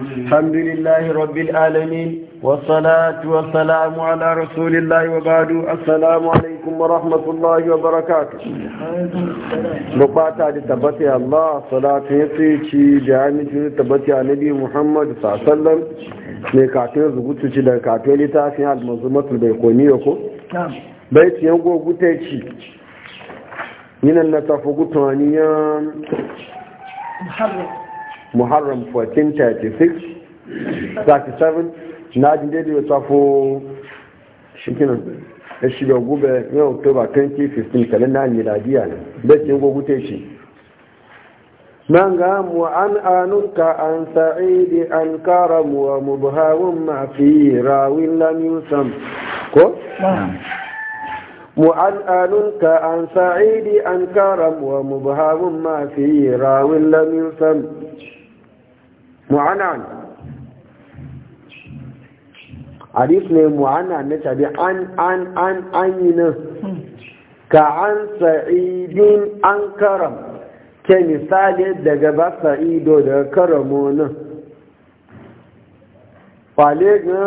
الحمد لله رب العالمين والصلاة والسلام على رسول الله وبعد السلام عليكم ورحمة الله وبركاته نقاطع تبتي الله صلاة يسيكي جامعة تبتي على نبي محمد صلى الله عليه وسلم من kafin rubutu ci daga kafin على almazumatul البيقوني koni بيت ينقو ci من gogute ci yinan muharram 1436 37 na jin daidai wata fo shikinan ya shiga gube yau oktoba 2015 kalenda miladiya ne da ke gogute shi من قام وعن آنك عن سعيد الكرم ومبهو ما في راو لم يسم كو وعن آنك عن سعيد الكرم ومبهو ما في راو لم يسم mu'anan hadis ne mu'anan na tabi an an an an yi nan hmm. ka an sa'idin an karam ke misali daga ba sa'ido da karamo nan fale ga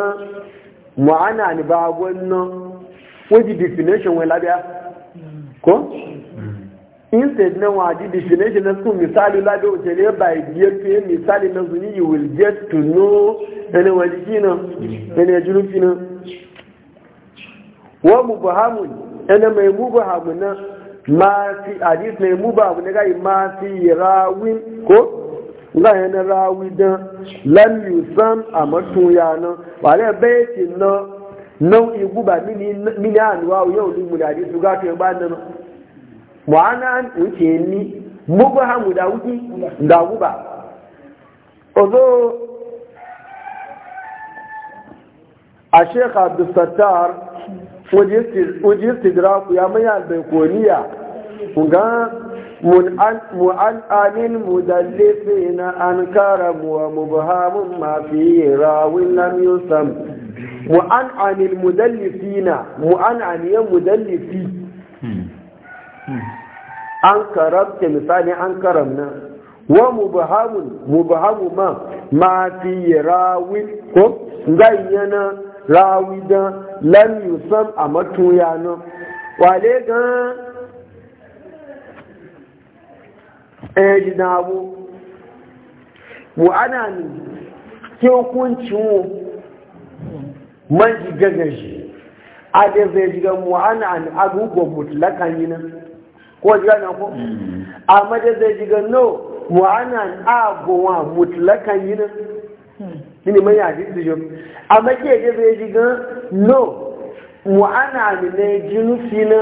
mu'anan ba gwannan wajen definition wani labiya hmm. ko? instead na waji definition na school misali la da wuce ne by biyar to yin eh, misali na zuni you will get to know yana waji kina yana ya jiru kina wa mu ba hamun ne mai mu ba hamun na ma fi hadis mai mu ba hamun na gai ma fi rawin ko nga yana rawi dan lam yusam amatu ya na wale baiti na nau'i guba mini mini anwa yau limu da hadis ga to eh, ba nan mwana wuce ni mugu ha mu da wuki da ozo a sheikh abdulsattar waje istidraku ya manya albaikoniya ga mu'al'anin mudallifin an karamu wa mubhamun fi rawin lam yusam mu'al'anin mudallifina mu'al'aniyan mudallifi an karabta misali an karamna wa mubahamun mubhamu ma ma fi rawi ko gayyana rawi da lam yusam a matuya na wale ga ejinabu mu ana ni ke hukunci mu man jiga a da zai jiga mu ana ni abubuwan mutlakan yi nan ko ji gane ko mm. amma dai zai ji gano wa ana agowa mutlakan yi nan shine hmm. mai yaji su jo amma ke je zai ji gan no wa ana ne jinsi na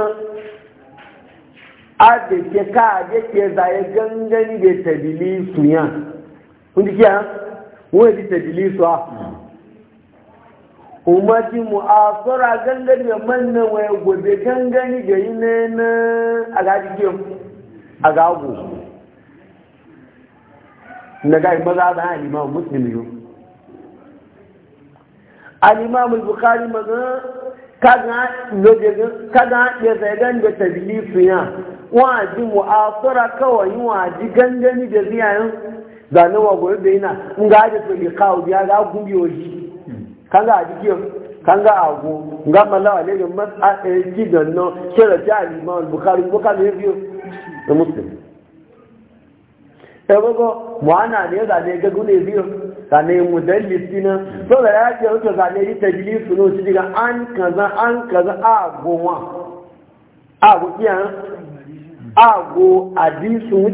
a da ke ka da ke zaye gangan da tabili su yan kun ji kiya wani tabili su a hmm. umarci mu'asara gangan da manna waya gobe gangani da yi na na a gaji a gago na gaji maza da hannun imamu muslim yau al'imamu bukari maza kaga ya zaigan da tabbili suya waji mu'asara kawai waji gangani da ziyayen zanen wa gobe da yana in gaji su ne kawo biya ga gubiyoyi kanga adikiyo kanga agu nga malawa lege mas'ala kidan no shara ta al-imam al-bukhari ko kan yabiyo da e muslim e bogo mwana ne da ne ga gune biyo da ne na so da ya ce wato da ne tajlisu no shi diga an kaza an kaza agu kiyan adisu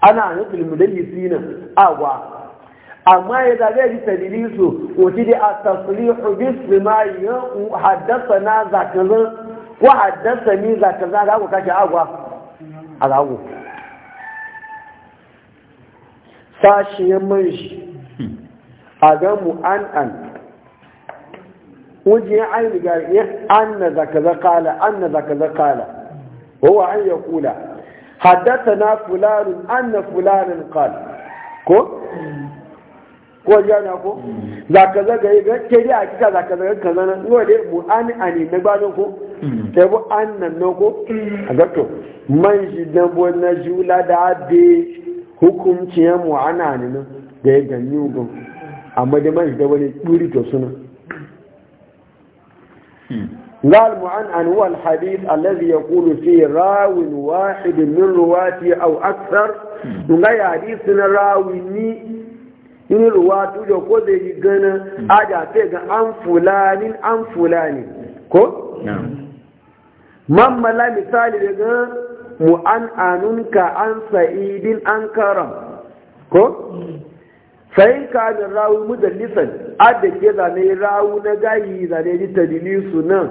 ana nufin na agwa amma ya zage ji sabili su wuce da astasrihu bis ma ya haddasa na zakazan ko haddasa ni zakazan da ku kashe agwa a zago sashi ya man shi a ga mu an an ya aini ga ya an na zakaza kala an na zakaza kala wa an ya kula haddasa na fulanun an na fulanin kala ko ko ji ko za ka zaga yi ke dai hakika za zaga kaza nan ngo dai mu an ani na gbanin ko sai bu an nan no ko a gato man shi na jula da abi hukunci ya mu ana ni nan da ya ganni amma dai man shi da wani duri to suna قال معن هو الحديث الذي يقول فيه راو واحد من رواته أو أكثر وغير حديثنا راوي in ruwa tujo ko zai yi gana mm. aja sai ga an fulani an fulani ko? man misali daga mu an anunka an sa'idin an karam ko? sai ka da rawu mudallisan adda ke zane rawu na gayi zane ji tadilisu nan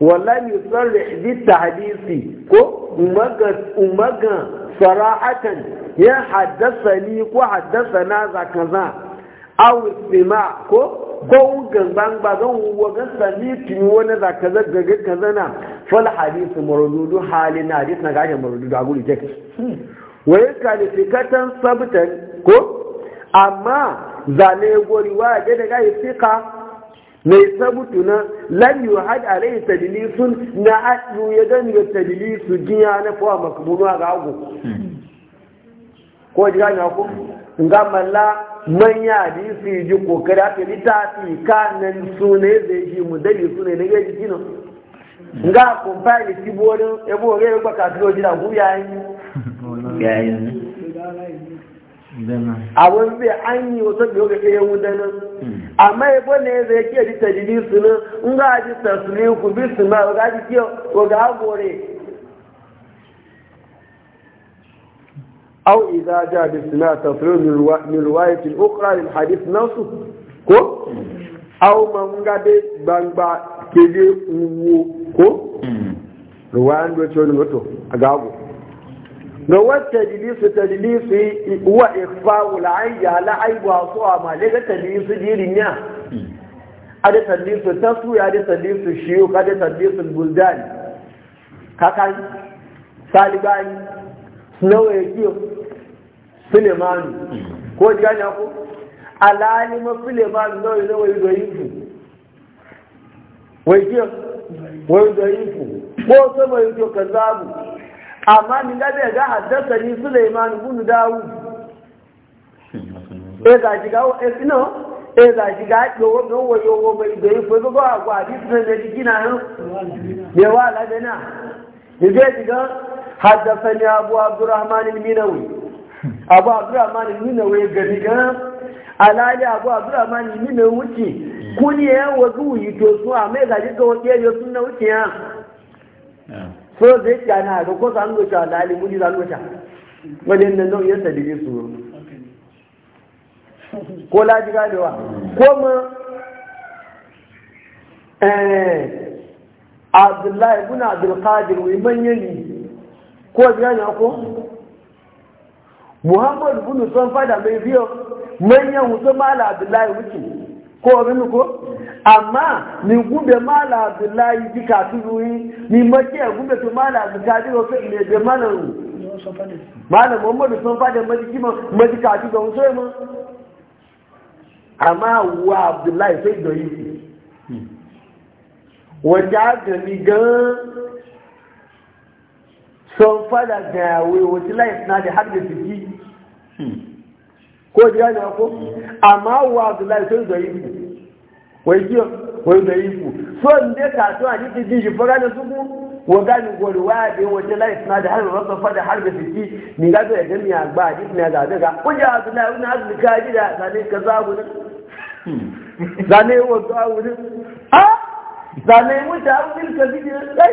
wala misali bi tahdisi ko umaga umaga sara'atan ya haddasa ni ko haddasa na za kaza aw istima ko ko gangan ba zan wagan sami tuni wani za kaza gaga kaza na fal hadith marududu halin hadith na gaje marududu a guri jek wa yakalifikatan sabtan ko amma zane gori wa ga daga isika mai sabutu na lam yu had alayhi tadlisun na adu ya dan ya tadlisu jiya na fa makbunu ga agu ko ji na ko nga malla manya di su ji kokari aka litafi kanan sune zai ji mu dali sune ne ga jiki no nga ko fa ki borin ebo ga ba ka tulo jira ku yayin yayin abin zai an yi wasu biyu ga ɗaya wudanin hmm. amma ya bane zai ke ji tajiri su nan in ga ji tasiri ku bi su ma ga ji ke ga gore au idza ja bi sina tasiri min riwayatin ukhra lil hadith su? ko hmm. au man ga de gbangba kede wo ko hmm. ce do chono a agago ga wata jilisu ta jilisu wa ikfawu la'ayya la'ayyu a suwa ma daga ta jilisu jirin ya da ta jilisu ta suya da ta dilisu ka da ta jilisu buldan kakan salibani nawa ya kiyo sulemanu ko jiya ne ku alalima sulemanu nawa ya nawa ya su wai kiyo wai su ko sama ya ka kazabu amma min ga bai ga haddasa ni Sulaiman ibn Dawud eh da shiga eh ino eh da shiga yo wo wo yo wo mai dai fa go ga ga di sun da digina no be wa la da na ni ga diga haddathani Abu Abdurrahman al-Minawi Abu Abdurrahman al-Minawi ga diga alali Abu Abdurrahman al-Minawi wuce kuniye wa zuwi to su amma ga diga wo ke yo sunna wuce ya ko zai ci ana ga ko san gocha da ali mudi san gocha wajen nan don da dige su ko la jiga ko ma eh abdullahi ibn abdul qadir wai manyan ni ko jiga ne ko muhammad ibn son fada mai biyo manyan mutum mala abdullahi wuce ko abin ko amma ni gube mala abdullahi ji kasu zuwi ni mace ya gube to mala abdullahi wasu ne da mana ru mala muhammadu sun fada majiki ma maji kasu ga wasu ma amma wa abdullahi sai da yi wanda ga ni gan sun fada ga yawe wasu layi na da har da jiki hmm. ko jiya ne ko amma wa abdullahi sai da yi wai jiya wai da yi ku so in dai so a jiki jiki fara da suku wa gani gori waya bai wace lai suna da harbi rasa fada harbi fiki ni ga zai gani a gba a jiki ya zaɓe ga kuja a suna wani harbi ka ji da zane ka zaɓu nan hmm. zane wa a nan a zane wuce harbi ka zidi nan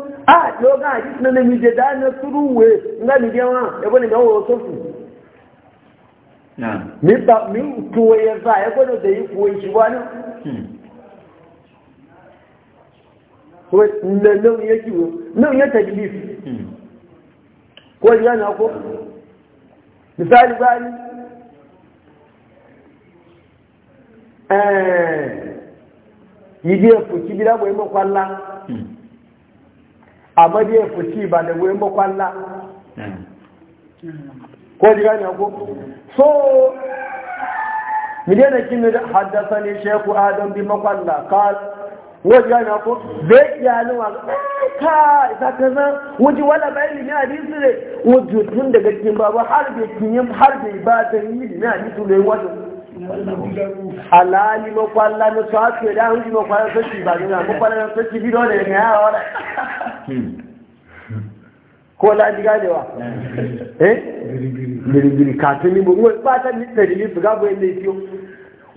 Ah, yóò gá àti sinú ní ìjẹ dáná túrú wé ńgá mi jẹ́ wọn ẹgbẹ́ ni gbọ́n wọ́n sófù mi ba mi tu wẹ̀yẹ fa ẹgbẹ́ ni òtẹ̀ yìí fò ìṣùwọ́ ní nà lóun yẹ kí wo lóun yẹ tẹ̀lé bí kó yẹ náà kó misali báyìí ẹ̀ẹ́ yìí dé ẹ̀fọ́ kí bí dábọ̀ ẹ̀ mọ̀ amma da ya ba da goyon bakwalla ko ji gani ko so mu daina kin haddasa ne sheku adam bi makwalla ka ko ji gani ko zai iyalin wa eh, ka isa kaza wuji wala bayani ne hadisi ne wuji tun daga cikin babu har da kinyin har ba ta yi ne hadisi ne wajen alali makwalla na su haske da hunji makwalla sashi ba nuna makwalla na sashi bido da yana yawa wadda hmm. ko laji ganewa eh girgiri katuni mu ruwa ba ta nita da nisu gabo yadda ya fiyo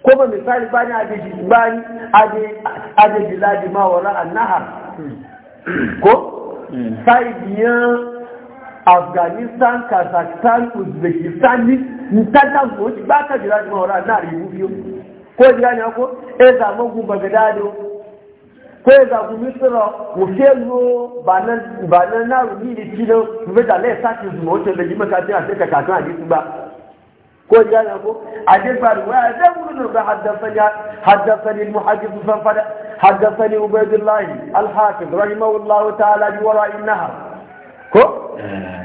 ko ba misali ba ni adeji ladi ma wara a nahar ko hmm. sai biyan afghanistan kazakhstan uzbekistan ntannan ko ba ka jira ma wala na ribu biyo ko jira ne ko e za mu gu ko e za gu misra mu ke no banan banan na ru ni ti do mu da le sa ti mu to le jima ka ti a ka ka kan hadisi ba ko jira ne ko hadis ba wa da mu no ba haddathani haddathani al muhaddith fa fa haddathani ubaydullah al hafiz rahimahullahu ta'ala bi wara'in nahar ko eh.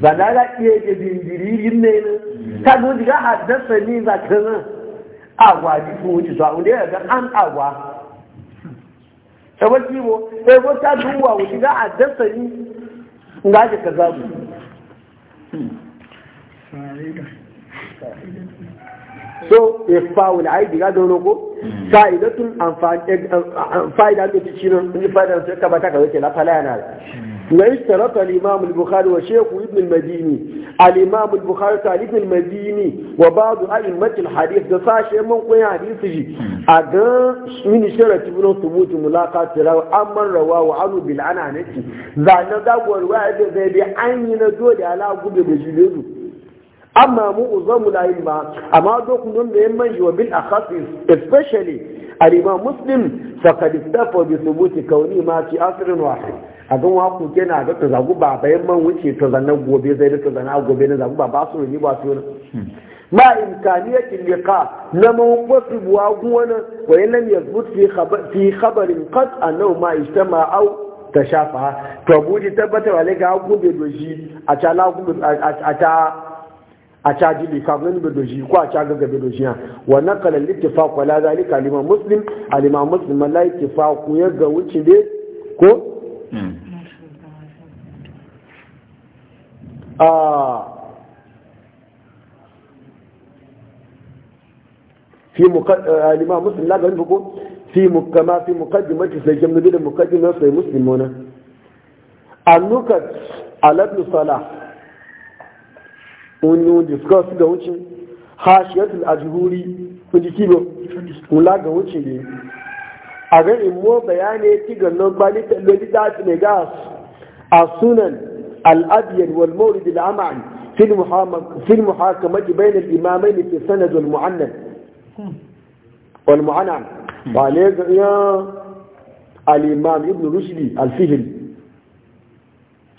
ba na ga iya ke jinjiririn ne ne ta gudu ga haddasa ni za ka nan agwa ji sun wuce su a wunde ya ga an agwa sabon kibo sai ko ta duwa wuce ga haddasa ni ga ji ka zagu so ya e fa'ul aidi ga dono ko tun amfani e, fa'ida ta ci nan in fa'ida sai ka ba ta ka wuce la fala yana واشترط الإمام البخاري وشيخ ابن المديني الإمام البخاري تعليق المديني وبعض أئمة الحديث ده شيء من قوي حديثه أدن من شرة ابن ثبوت ملاقاة راو أما رواه عنه بالعنانة ذعنا داور واحد ذي بعين دولي على قبل بجلده أما مؤظم الأئمة أما دوكم نوم بيمن وبالأخص especially الإمام مسلم فقد استفى بثبوت كوني ما في أثر واحد a gan waku kuke na ga ta zagu ba bayan man wuce ta zanna gobe zai da ta zanna gobe na zagu ba ba su ni ba su ne ma imkaniyat liqa na mun wasu wa gwana wa lam yazbut fi khabar fi khabarin qad annahu ma ijtama aw tashafa to buji tabbata wa lega gobe doji a ta la gobe a ta a kamun likafin doji ko a caga ga bidoshi ha wa naqala al-ittifaq wa la zalika liman muslim al-imam muslim la ittifaq ya ga wuce ne ko في الإمام مسلم لا قال بقول في كما في مقدمة سيجمع بين مقدمة في مسلمون النكت على ابن صلاح ونون ديسكوس ده وچن حاشية الأجهوري ونجي كيلو ولا ده وچن a ganin mo bayanai ci ga lombali ta ne ga a sunan al'adiyar wal mawrid al'amal fi muhakamati bayan al'imamai ne ke sanad wal mu'annan hmm. wal mu'annan ba hmm. ne ga iya al'imam ibn rushdi al-fihil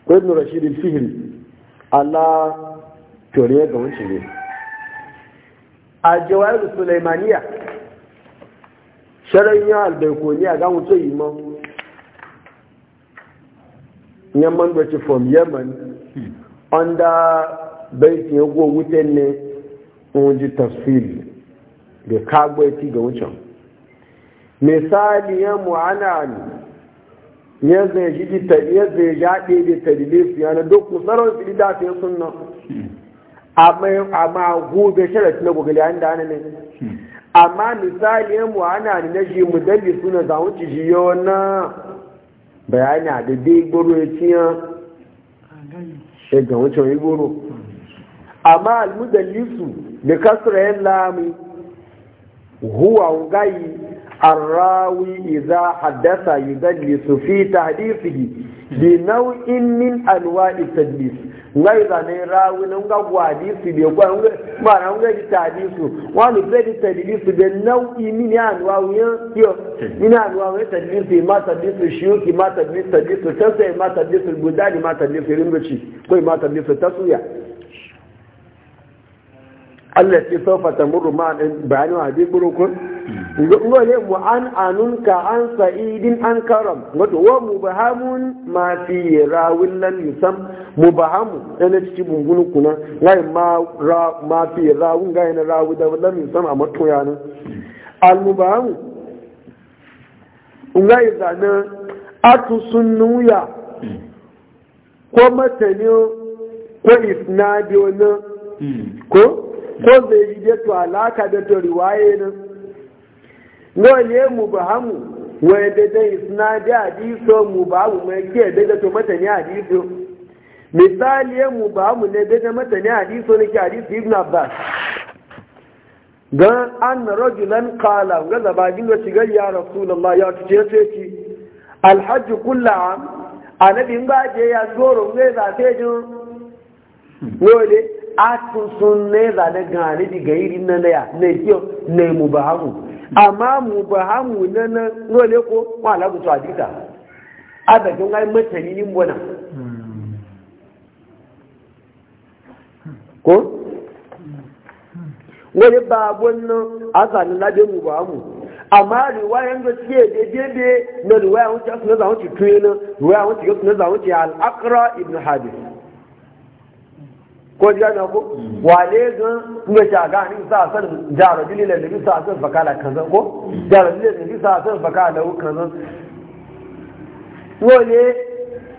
ko ibn rashid al-fihil Allah toriya ga wancan ne a jawayar sulaimaniya sharan ya albaikoni a gamu to yi man yamman da ci from yemen under baitin ya go wutan ne ji tafsiri da kagwaiti ga wucin misali ya mu'ana ne ya zai ji jaɗe da tarihi su yana duk musarar su da ta yi A amma gobe sharat na gogali an da ne amma misali mu ana da na shi mu dalli suna za wuce shi yi wannan bayani da dai goro ya ciya shiga wuce wani goro amma su da kasra yin lami huwa gayi arrawi Iza, haddasa su fi tahdithihi bi nau'in min alwa'i tadlis ngai zane rawi na nga gwadi su be kwa nga mara nga di tadi su wani be di tadi su be nau i mini an wa wiya yo mini a wa ta tadi su ma tadi su shiu ki ma hadisu su tadi su tasa ma tadi su budani ma tadi su ringoci ko ma tadi su tasuya Allah eh, ce saufa ta muru ma bayani wa bi burukun le mu an anun ka an sa'idin an karam wato wa bahamun ma fi rawin lam yusam mubahamu ene ciki bungunu kuna ngai ma ra ma fi rawu ngai na rawu da wannan min sama mato yana al mubahamu ngai zana atu sunnuya ko matani ko isnadi wani ko ko zai yi da to alaka da to riwaye nan ngole mubahamu wai da da isnadi hadiso mubahamu mai ke da to matani hadiso misali mu ba mu ne bai mata ne hadiso ne ke hadisi ibn abbas gan an rajulan qala ga zabagin da shiga ya rasulullah ya tuce ce ci Alhaji kulla am anabi in gaje ya goro ne za ta ji wole atun sun ne za ne gani di iri na ne ya ne kiyo na mu ba mu amma mu ba mu na na wole ko wala ku to hadisa adakin ga mutane ni mbona ko wani babon nan a zanen labe mu ba mu amma riwayan da suke na riwaya wuce asu na zawon tuye na riwaya wuce yasu na zawon ci al'akra ibn hadis ko ji na ko wale gan kuma ta ga ni sa san jara dili da nabi sa san fakala kazan ko jara dili da nabi sa san fakala kazan wale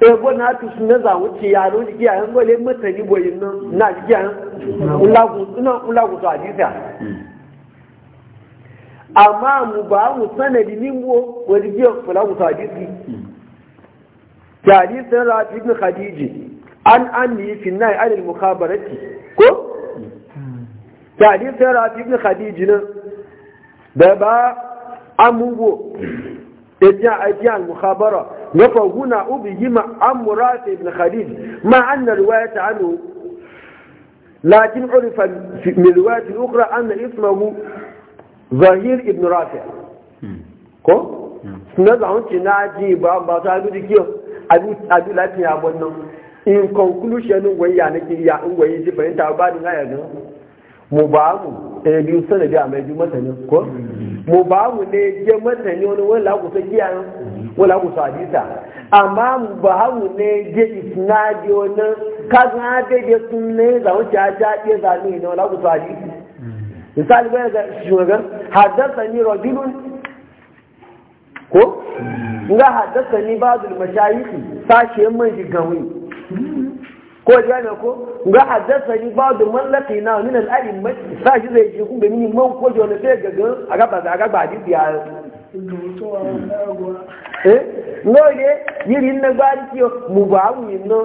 ebo eh, na atu sun naza wuce ya no jiki a yan gole mata ni boyin nan na jiki a ulagu na ulagu to hadisa amma mu ba mu sanadi ni mu wa jiki ulagu to hadisi ta hadisin rafi ibn khadiji an anni fi nahi alil mukhabarati ko ta hadisin rafi ibn khadiji nan da ba amugo ya e ji e al-mukhabara يفهنا khalid عن مرات بن خليل مع أن رواية عنه لكن عرف من رواية أخرى أن اسمه ظهير ibn رافع ko? suna zaunci na ji ba ba ta abu da kiyo abu latin ya wannan in conclusion wai ya nake ya in wai ji fahimta ba da ya ga mu ba mu eh, biyu sanadi a mai biyu masanin ko mu ba mu ne je mata wani wani lagusa giya wani lagusa hadisa amma mu ba mu ne je isnadi wani kasan hade je sun ne za mu ja ja je za ne na wani lagusa hadisi misali bai ga shugaban haddasa ni rajulun ko nga haddasa ni bazul mashayikhi sashe man shi gawi ko ya ne ko ga haddasa ni ba da mallaki na min al'alim mai sa shi zai shi kuma ni man ko jona sai ga ga aga ba aga ba di biya eh no ne yirin na ba di mu ba mu no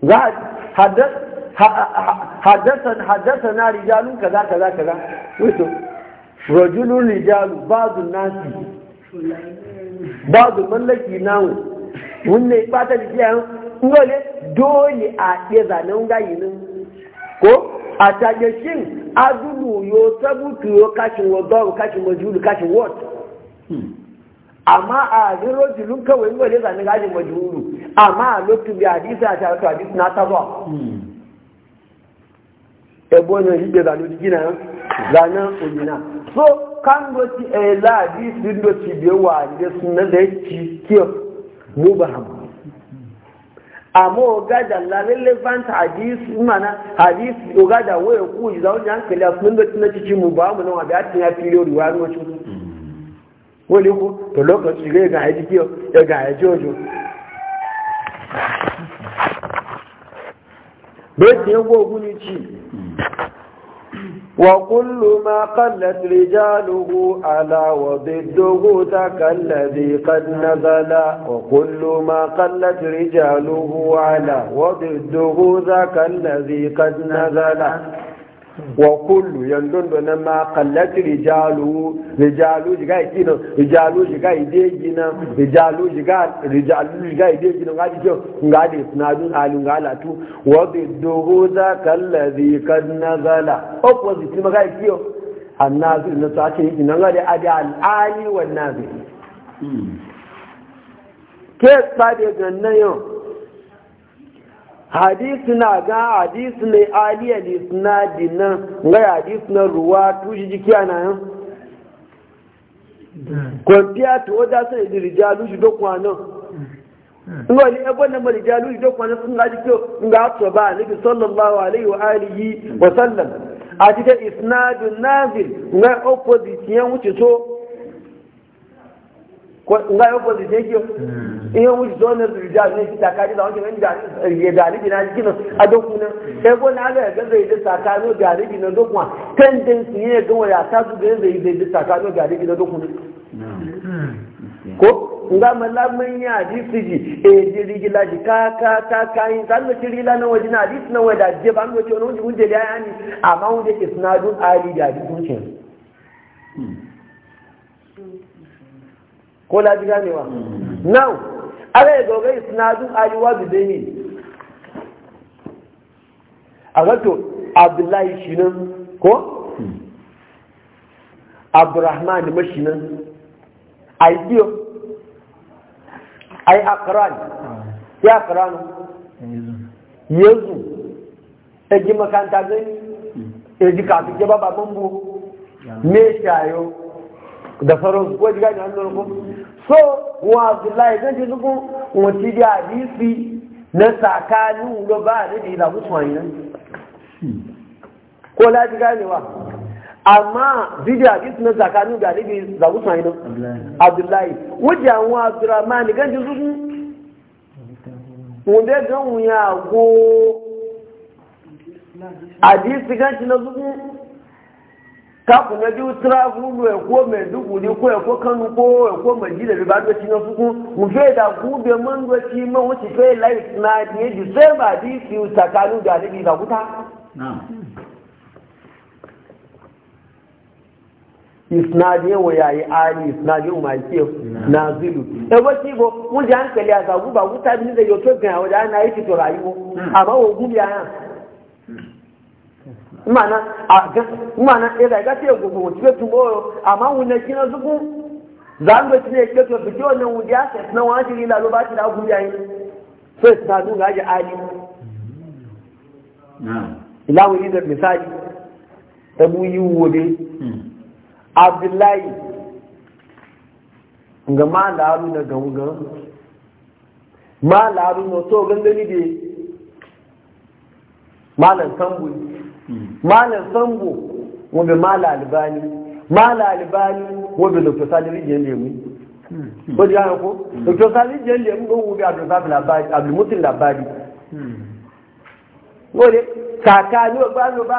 ga haddasa haddasa haddasa na rijalun kaza kaza kaza wato rajulun rijalu ba'd nasi ba'd mallaki nawo wanda ya fata da kiyayen dole dole a ɗaya zanen gayi ko a tage shin azubu yo sabutu yo kashin wa kashin wa kashin hmm. amma a ziro julun kawai in zanen gashin wa amma a lokacin a tare da na taba ẹgbọ́n náà yígbẹ̀ zanen jikina zanen ojina so kan go ẹ̀ láàbí sí ló wà ní da ya mubaham amma oga da la relevant hadis mana hadis oga da waya ku ji zaun jan kala sun da cikin mu ba mu nan ya filo riwa ruwa ci wani ku to lokaci ga ga kiyo ya ga ojo mm. bai وكل ما قلت رجاله على وضده ذاك الذي قد نزل وكل ما قلت رجاله على وضده ذاك الذي قد نزل wa kullu yandon na ma kallat rijalu rijalu jiga ikino rijalu jiga ide gina rijalu jiga rijalu jiga ide gina ngadi jo ngadi sunadun alu ngalatu wa bidduhu za kalladhi kad nazala opposite maga ikiyo annazil na sace yiki nan ngadi adi al ali wan nazil hmm. ke sabe ganna yau hadisi na ga hadisi ne aliyar isnadi nan ga hadisi na ruwa tushe jiki ana yan kwamfiya ta wadda sun yi rijalu shi dokuwa nan Ngo ni ebo na marijalu ido kwana sun ga jikyo nga to ba nabi sallallahu alaihi wa alihi wa sallam a cikin isnadun nazil nga opposite yan wuce so nga yau kwanci kiyo ke iya wuce du rija ne shi takari da wancan ya galibi na jikin a dokunan e ko na ga ya gaza saka n'o kano galibi na dokunan tendin su ne ga waya ta su ga saka n'o kano galibi na dokunan ko nga malamin ya hadisi ji e ji rigila ji ka ka ka ka yin san da rigila na waje na hadisi na waje da je ba mu ce wani wuce wuce da ya ni amma wuce isnadun ali da hadisin ce ko laji ganewa now ala ya dogai sinadun ayuwa da dai a zato abdullahi shi nan ko abdurrahman mashi nan aikiyo ai akran ya akranu yanzu ya e ji makanta gani ya e ji kafin ya ba baban bu me shayo da sauran ko ji gani hannun ku so wa abdullahi zan ji zuku wati da hadisi na tsakanin ga ba da ji da mutuwan nan ko la ji ganewa amma video hadisi na tsakanin ga nabi da mutuwan nan abdullahi wajen wa abdurrahman gan ji zuku wanda gan wuya go hadisi gan shi na zuku kafin na jiwu tirafin ruwa ya ko maiduguri ko ya ko kanu ko ya ko maji da riba dokin na suku mufe da gube man doki man wuce fe laif na diye ji sai ba di fi tsakanin da alibi ba kuta isnadiye wa yayi ali isnadiye wa maike nazilu e wati go mun jan kali azabu ba wuta bin da yoto ga wa da na yi to rayu amma wo gumi aya mana a mana ya daga ce gugu wace ya tumoro amma wunan kina zuku za mu ci ke to su ke wannan wuri ya na wani shiri lalo ba da abu yayi sai su sadu ga ji ali ilawu yi da misali abu e yi wode hmm. abdullahi nga ma laru na gangan ma laru na so gangani de, malam tambuli malam sambo wabe mala albani mala albani wabe dr saliri o lemu ko di yana ko hmm. o saliri jiyan lemu don wabe abdulmutin o wọ́n kàkà ní ọgbà ló bá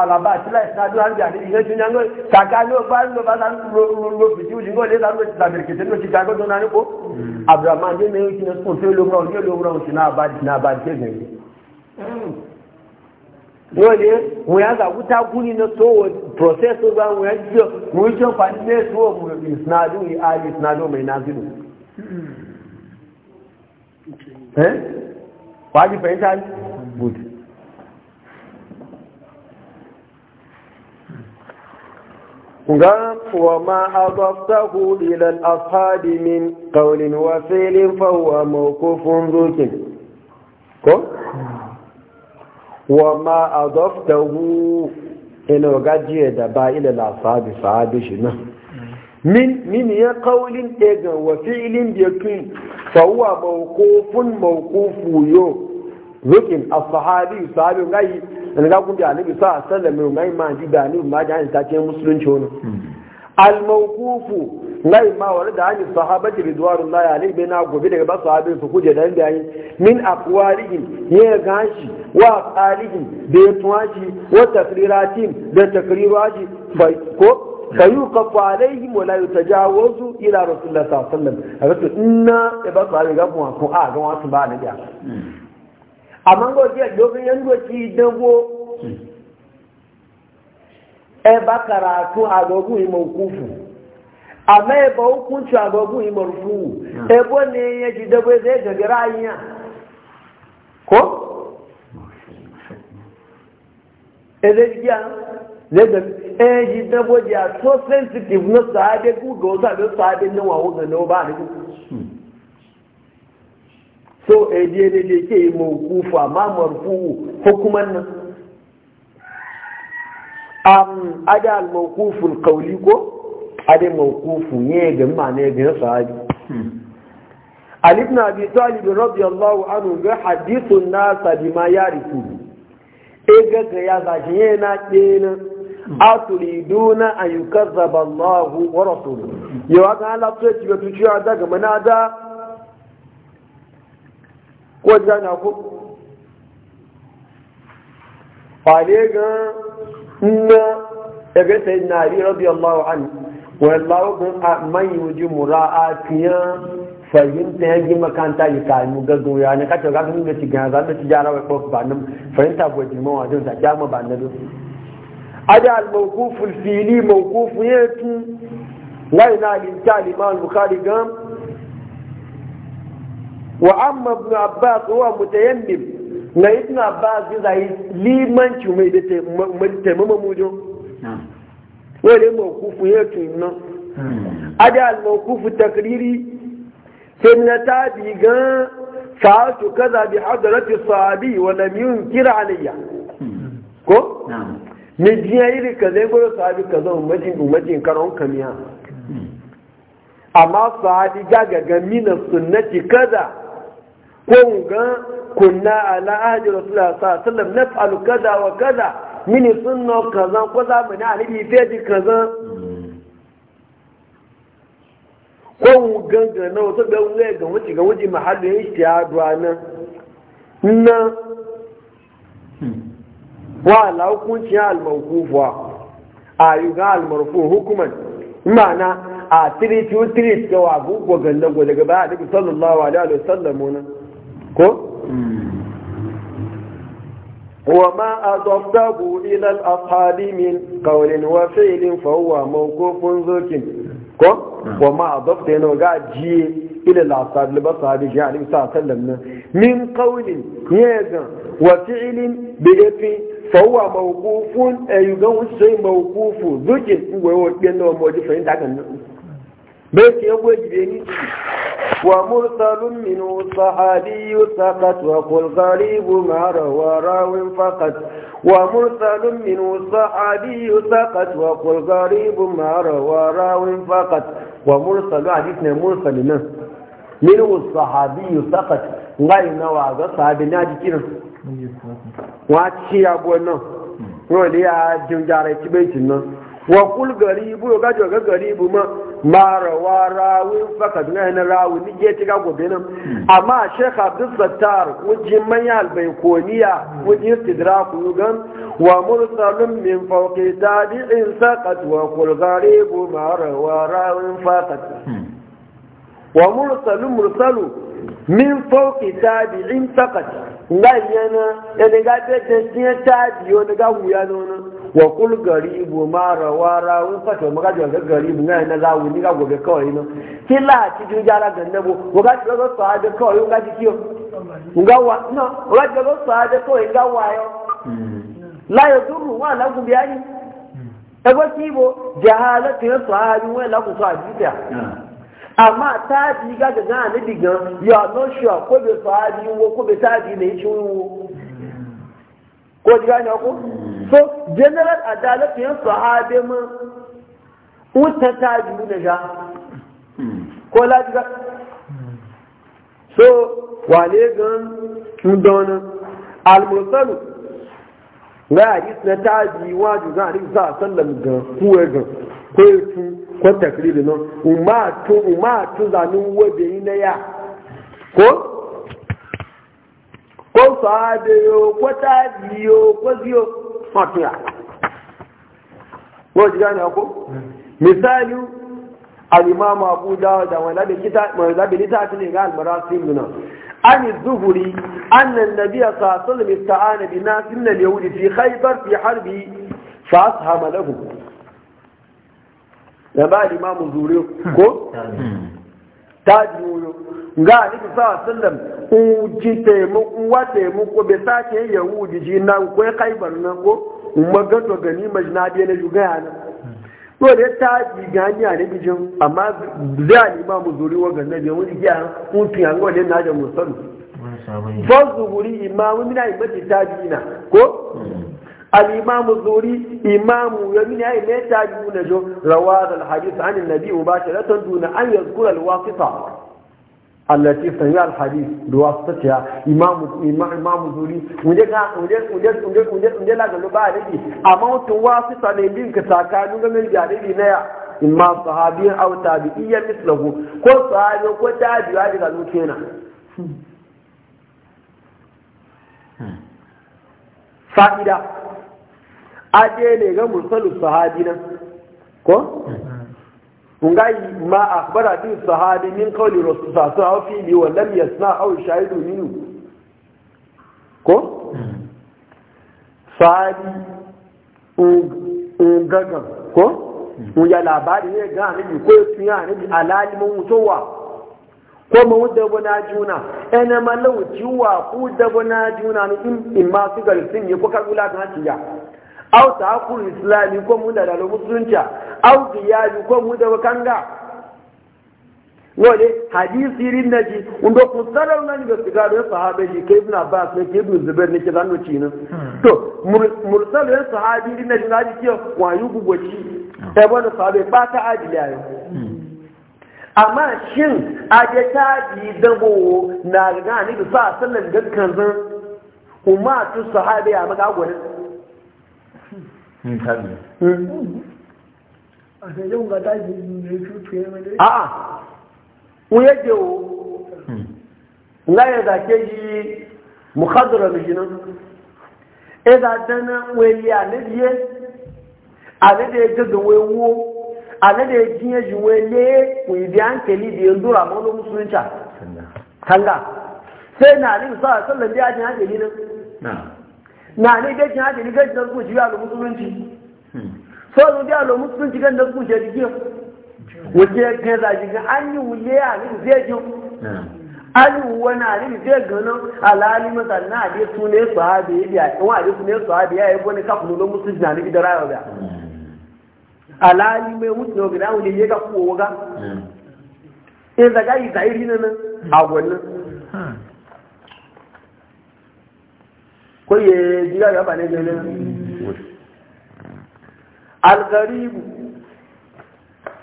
alàbà sílẹ̀ ìsìnàdó àrùbí àti ìyẹn tún o lórí kàkà ní ọgbà ló bá o fìtí òjì ngọ́ lẹ́sà o ti tàbí kìtẹ́ o ti o gbọ́dọ̀ náà ní kó o ní ẹ̀yìn o wọ́n o lómọ́ ọ̀hún o lómọ́ ọ̀hún sí náà bá jẹ́ gẹ̀ẹ́ lóòlé wọ́n yá zàkútà kúrì ní tó wọ́n prọ́sẹ́sì bá wọ́n yá jọ wọ́n jọ fàdílé tó wọ́n ìsinadó ìhàlì ìsinadó mai nazilu ẹ́ wájú fẹ́ntà good قام وما أضفته إلى الأصحاب من قول وفعل فهو موقوف ذوك كم؟ wa ma adaftahu ina gajiya da ba ila la sahabi sahabi shi na. min min ya qaulin daga wa fi'lin bi yakun fa huwa mawqufun mawqufu yo rukin as-sahabi sahabi ngai an ga kun da annabi sallallahu alaihi wasallam ngai ma ji da ni ma ji ta ce musulunci wannan hmm. al-mawqufu lai ma wani da hanyar sahabati ridwarun lai alai bai na gobe daga ba sahabin su kuje da inda yi min akwarihin ya gashi wa tsarihin da ya wa takriratin da bai ko fayu ka falaihi wala yutajawazu ila rasulullah sallallahu alaihi wasallam a rasu inna ya ba sahabin ga kuma ko a ga wasu ba na biya amma hmm. e ga wajen dogon yanzu ki dago ẹ bá karatu agogun ìmọ̀ òkúfù amma ya ba hukunci a babu yi marfu ebo ne ya ji dabo zai ko ebe jikiya zai ji e ji a so sensitive na sahabe ku ga wasu abin sahabe na wawo ga ba da so eh ne je ke yi mawukufa ma marfu hukuman nan am ada al-mawquful qawli ko ade mawkufu ne ga mane ga sahabi Ali ibn Abi Talib radiyallahu anhu ga hadithun nasa bima yarifu e ga ga ya ba shi yana dena aturiduna an Allah wa rasuluhu yau ga Allah to ci ga tuciya daga manada ko jana ko ga na daga e sayyidina Ali radiyallahu anhu wallahu bin a manyan ji mura'a tiyan fahimta ya ji makanta yi kayan gaggawa ya ne kacce ga sun ci gana zan ci jara wai kofi ba nan fahimta ko mawa wajen ta kyama ba na duk ada al-mawqufu al-fili mawqufu yatu la ina al-intali ma al-bukhari gam wa amma ibn abbas huwa mutayammim na ibn abbas zai liman chumai da taimama mujo na'am wale mawkufu ya tunna ada al mawkufu takriri na ta diga fa'atu kaza bi hadrati sahabi wa lam yunkir alayya ko ne jiya iri kaza go sahabi kaza ummatin ummatin karon kamiya amma sahabi gaga ga mina sunnati kaza ko ga kunna ala ahdi rasulullah sallallahu alaihi wasallam naf'alu kaza wa kaza mini sunna kazan ko zamani alibi ji kazan ko mu ganga na wasu da wuce ga wuce ga wuce mahallu ya shi ya duwa nan na wa la hukunci ya almaukufuwa a yi ga almarfu hukuman ma'ana a tu tiri ga wa nan ganda daga baya daga sallallahu alaihi wasallam ko hmm. وما أضفته إلى الأصحاب من قول وفعل فهو موقوف ذوك وما أضفته إنه قاعد جي إلى الأصحاب لبصحاب جي عليه الصلاة والسلام من قول يزا وفعل بإفن فهو موقوف أي أيضا شيء موقوف ذوك ويوجد نوم وجفة عندك بيت يبوي جبيني ومرسل منه صحابي سقط وقل غريب ما روى راو فقط ومرسل منه صحابي سقط وقل غريب ما روى راو فقط ومرسل حديثنا مرسل منه منه الصحابي سقط غير نوع صحابي نادي كنا واتشي أبونا وليا جنجارة بيتنا wa kul garibu ga joga garibu ma mara wa rawi faka na na rawi ni je tiga gobe nan amma sheikh abdul sattar wuji manya albaykoniya wuji istidraku gan wa mursalun min fawqi tabi'in saqat wa kul garibu mara wa rawi faka wa mursalun mursalu min fawqi tabi'in saqat ngai yana yana ga ta tiya tabi'o daga huya nono wa kul garibu ma wara rawi fata mu ga ibu garibu ngai na zawu ni ga gobe kila ci ju jara ganna bo wa ga ga sa da kawai ga kiyo wa no wa ga wa yo la wa la mm. wa la ku ji ga ga na ni digan you are not sure ko be wo ko be wo so general adalat yan sahabe mu uta ta biyu da ja ko lajiga so wale gan tun dona almusalu ga hadis na ta biyu wa ju ga hadis sa sallam ga kuwe ga ko tu ko takriri no umma tu umma tu zanun wabe ina ya ko ko sahabe yo ko ta biyo ko ziyo wọ́n tún yà wọ́n ti gane ọkọ́ misali alimamu abu dawud wani labe littafi ne ga almara simuna an zuhuri annan nabiya sa Mista ta'ana bi na sinan yahudi fi khaybar fi harbi fa ashama lahu da ba alimamu zuri ko hmm. ta juyo ga alifi sa sallam uji taimako wa ko bai sake yahudi ji na kwai kaibar nan ko magato gani majina biya na ya nan to da ta ji gani a nabijin amma zai alima mu zuri wa ganna biya wani giya kun fi an gwanin na da musamman fa zuri imamu mina imati na, ko hmm. al-imamu zuri imamu ya mini ai me ta ji ne jo rawad al-hadith an al-nabi mubasharatan duna an yazkur al-waqita allati sayyid al-hadith duwasta ya imamu imamu imamu zuri mujhe ka mujhe mujhe mujhe mujhe mujhe la galu ba ali ama tu wasita ne din ka ta ka nuga min jaridi na ya in ma sahabi aw tabi'iyya mislahu ko sahabi ko tabi'i wa daga zo kenan fa'ida aje ne ga mursalus sahabi nan ko ngai ma akhbara bi sahabi min qawli rasul sallallahu alaihi wasallam fi wa lam yasma aw shahidu minhu ko sahabi un gaga ko Mu ya labari ne ga ne ko tun ya ne alali mun mutowa ko mun da bana juna ene malau jiwa ku da bana juna ne in ma su garsin ya ko kagula ta ciya aw ta hakul islami ko mu da dalo musulunci aw qiyadi ko mu da kanga wale hadisi rin naji undo ku sarar nan ga da sahabe ji ke ibn abbas ne ke ibn zubair ne ke zanu ci hmm. to mursal ya sahabi rin naji naji ke wayu gugoci hmm. e bana sahabe ba hmm. ta adila yau amma shin aje ta ji dabo na ga ni sa sallan gaskan zan umma tu sahabe a maga gwanin a'a un yake wo hmm. nga ya zake e yi mukhadara mijinan eza dana weli anediye anede gege wewo anede jiye ji wele wibi ankeli bi ndura molo musulunta kanga sai na alim sa sallan da ajin hankeli nan na ne gajin hajji ni gajin zanku shi yalo musulunci hmm. so zo da yalo musulunci kan da ku je dike wace ga zaji ga an yi wule a ni zai ji hmm. an yi na ni zai gano alali masanna a dai su ne sahabi ya yi wa dai su ne sahabi ya yi wani kafin lo musulunci na ni gidara yau da hmm. alali mai musulunci ga wani ya ga kowa ga in Koye ye diga ga bane gele al gharib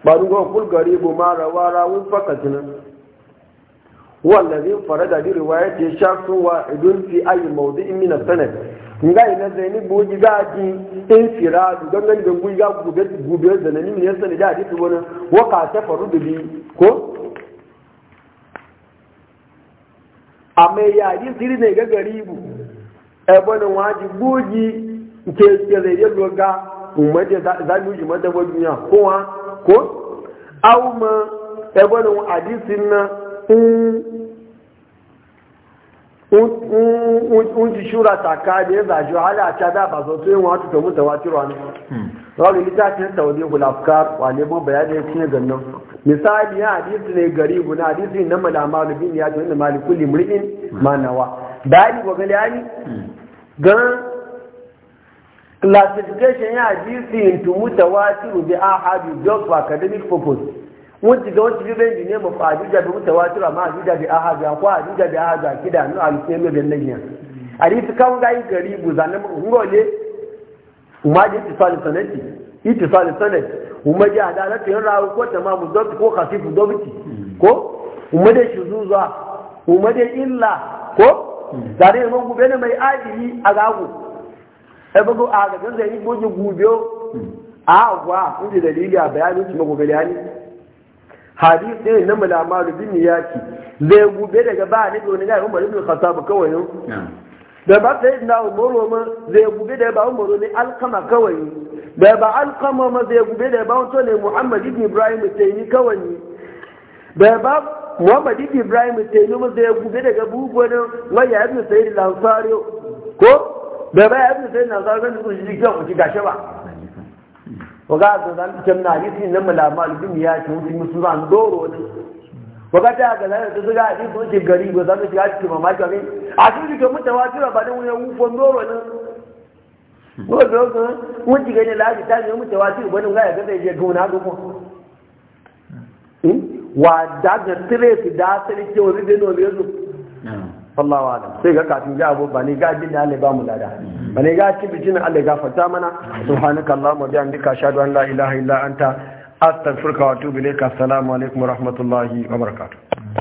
barugo kul gharib ma rawa rawun fakatin wallazi farada bi riwayati shakhsu wa idun fi ay mawdi'in min as-sanad ngai na zaini buji gaji infiradu gangan da buji ga gube gube da nan ne sanin da hadisi wani wa ka tafarru bi ko amma ya yi sirri ne ga garibu ebonin waji buji ke tsere ya loga umarje za mu yi madabar duniya kowa ko au ma ebonin hadisin na un ji shura taka da ya zaji hala ta da ba sautu yin wata ta mutu wata ruwa ne rawar littafin saudi hulafkar wale mun bayani ya cinye gannan misali ya hadisi ne garibu na hadisi na malama rubin ya ce wani malikulli mulkin manawa bayani gwagwale ya ne gan classification ya hadisi into mutawatiru bi ahadi just for academic purpose wọ́n ti gan wọ́n ti fi bẹ́ẹ̀ nìyẹn mọ̀ fún àdújà bí mutawatiru àmọ́ àdújà bí ahadi àkọ́ àdújà bí ahadi àkídà al àlùfẹ́ ẹgbẹ́ lẹ́yìn yẹn hadisi kan gáyé gari ibùsà ní ngọ́lé umarji tisali sanati itisali sanati umarji adalatu yin rawu ko mu dobti ko kasifu dobti ko umarji shuzuza umarji illa ko zane yaman gube ne mai adili a gago sai bugu a ga zai yi goji gubiyo a agwa inda dalili a bayanin su magube da yani hadis ne na mulamaru bin yaki zai gube daga ba ne domin ya yi umaru kasa ba kawai yau da ba sai na umaru ma zai gube da ba umaru ne alkama kawai da ba alkama ma zai gube da ba wato ne muhammad ibn ibrahim sai yi kawai da ba muhammad ibn ibrahim yi da zai gube daga bugonin waya sai da lansari ko da ba sai da lansari kan su shi kyan kuci gashi ba waga a zanzan cikin na yi sinin malama albin ya ce wuce musu zan doro ne waga ta ga zan da zuga hadisi sun ce gari ba zan shiga cikin mamaki ne a cikin ga mutawatir ba da wuya wufo doro ne ko zo ko mun ji gani lafi ta ne mutawatir ba ne wuya ya ga zai je gona duk wa daga su da sarki wani da yana yanzu Allah da sai ga kafin ji abu ba ne ga jin da Allah ba mu lada ba ne ga ci bikin Allah gafarta mana subhanaka allahumma bihamdika ashhadu an la ilaha illa anta astaghfiruka wa atubu ilayka assalamu alaikum wa rahmatullahi wa barakatuh